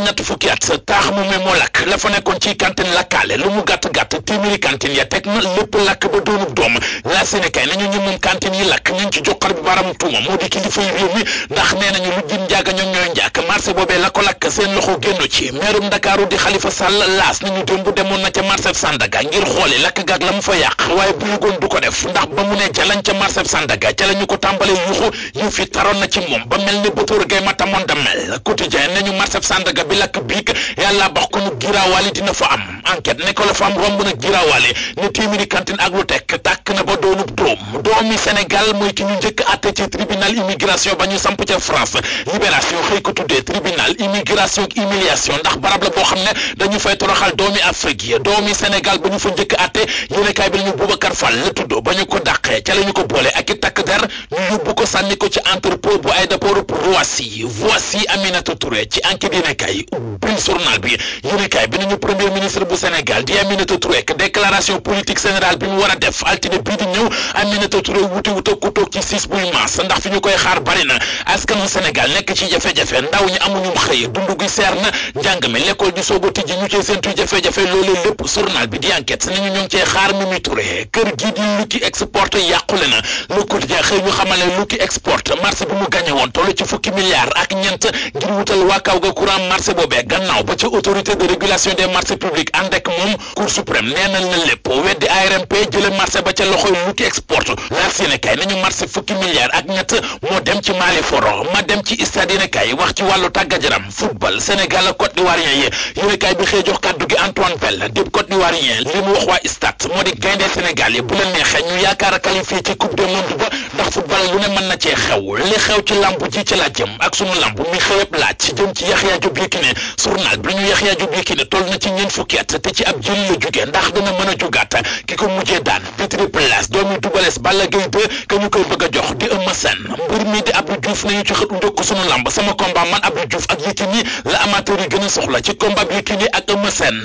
ñett fukki at sa taax mu me moo lakk la fa nekkoon ci cantine lakkaale lu mu gàtt-gàtt téeméeri cantine ya teg na lépp lakk ba doonub doom la Sénégal nañu ñu moom yi lakk ñu ci joxar bi baram tuuma moo di kilifa yi réew mi ndax nee nañu lu jin njaaga ñoom ñooy njaak marché boobee la ko lakk seen loxo génnu ci meerum Ndakaaru di Xalifa Sàll ngir xooli lakk gaag la mu fa yàq waaye bu yëgoon du ko def ndax ba mu ne jalañ ca marché Sandaga ca bi lakk biig yàlla bax ko mu giraawaali dina fa am enquête ne ko la fa am romb na giraawaali ne téeméeri cantine ak lu tekk tàkk na ba doonub dóom doomi Sénégal mooy ki ñu njëkk atte ci tribunal immigration ba ñu samp ca France libération xëy ko tuddee tribunal immigration ak humiliation ndax barab la boo xam ne dañu fay toroxal doomi Afrique yi doomi Sénégal ba ñu fa njëkk atte yéenekaay bi la ñu Boubacar la tudd ba ñu ko dàqee ca la ko boole ak sànni ko ci entrepôt bu aéroport Roissy voici Aminata Touré ci enquête yéenekaay ubbil journal bi yéenekaay bi nañu premier ministre bu Sénégal di Aminata Touré que déclaration politique générale bi mu war a def altine bii di ñëw Aminata Touré wuti wuta ku ci siis buy maas ndax fi ñu koy xaar bari askanu Sénégal nekk ci jafe-jafe ndaw ñi amuñu xëy dund gi seer na njàng mi di soog a tijji ñu cee seentu jafe-jafe loolee lépp journal bi di enquête nañu ñoo ngi export marché bu mu gagné woon toll ci fukki milliards ak ñent ngir wutal waa kaw ga boobee gannaaw ba ci autorité de régulation des marchés publics ànd ak moom cour suprême neenal na lépp weddi ARMP jële marché ba ca loxoy Lucky Export laar Sénégal nañu marché fukki milliards ak ñett moo dem ci Mali foro ma dem ci stade yéenekaay wax ci wàllu tàggat yaram football Sénégal ak Côte d'Ivoirien yi yéenekaay bi xëy jox Antoine Bell dib ndax football lu ne mën na cee xew li xew ci lamb ji ci laa jëm ak sunu lamb mi xëyëb laaj ci Yaxya ci ñeent fukki at te ci la jóge ndax dana a jógaat ki ko mujjee daan bi triple S ñu koy a jox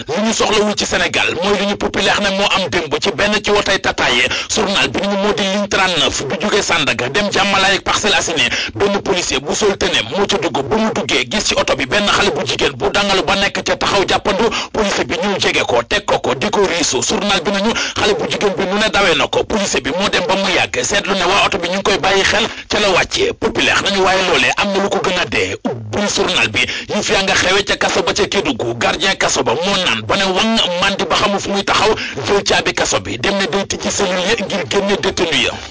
di ci a Sénégal mooy li ñu populaire ne moo am démb ci benn ci watay tataye journal bi ñu moo di ligne 39 bi jóge jógee Sandaga dem jàmmalaay ak Parcelles Assainies benn policier bu sol tëneem moo ca dugg bu mu duggee gis ci oto bi benn xale bu jigéen bu dangalu ba nekk ca taxaw jàppandu policier bi ñu jege ko teg ko ko di ko riisu journal bi nañu xale bu jigéen bi nu ne dawee na ko policier bi moo dem ba mu yàgg seetlu ne waa oto bi ñu ngi koy bàyyi xel ca la wàccee populaire nañu waaye loolee am na lu ko gën a dee ubbil journal bi fi yaa nga xewe ca kaso ba ca Kédougou gardien kaso ba moo naan ba ne wang mandi ba xamu muy taxaw jël kaso bi dem na day tijji cellule ya ngir génne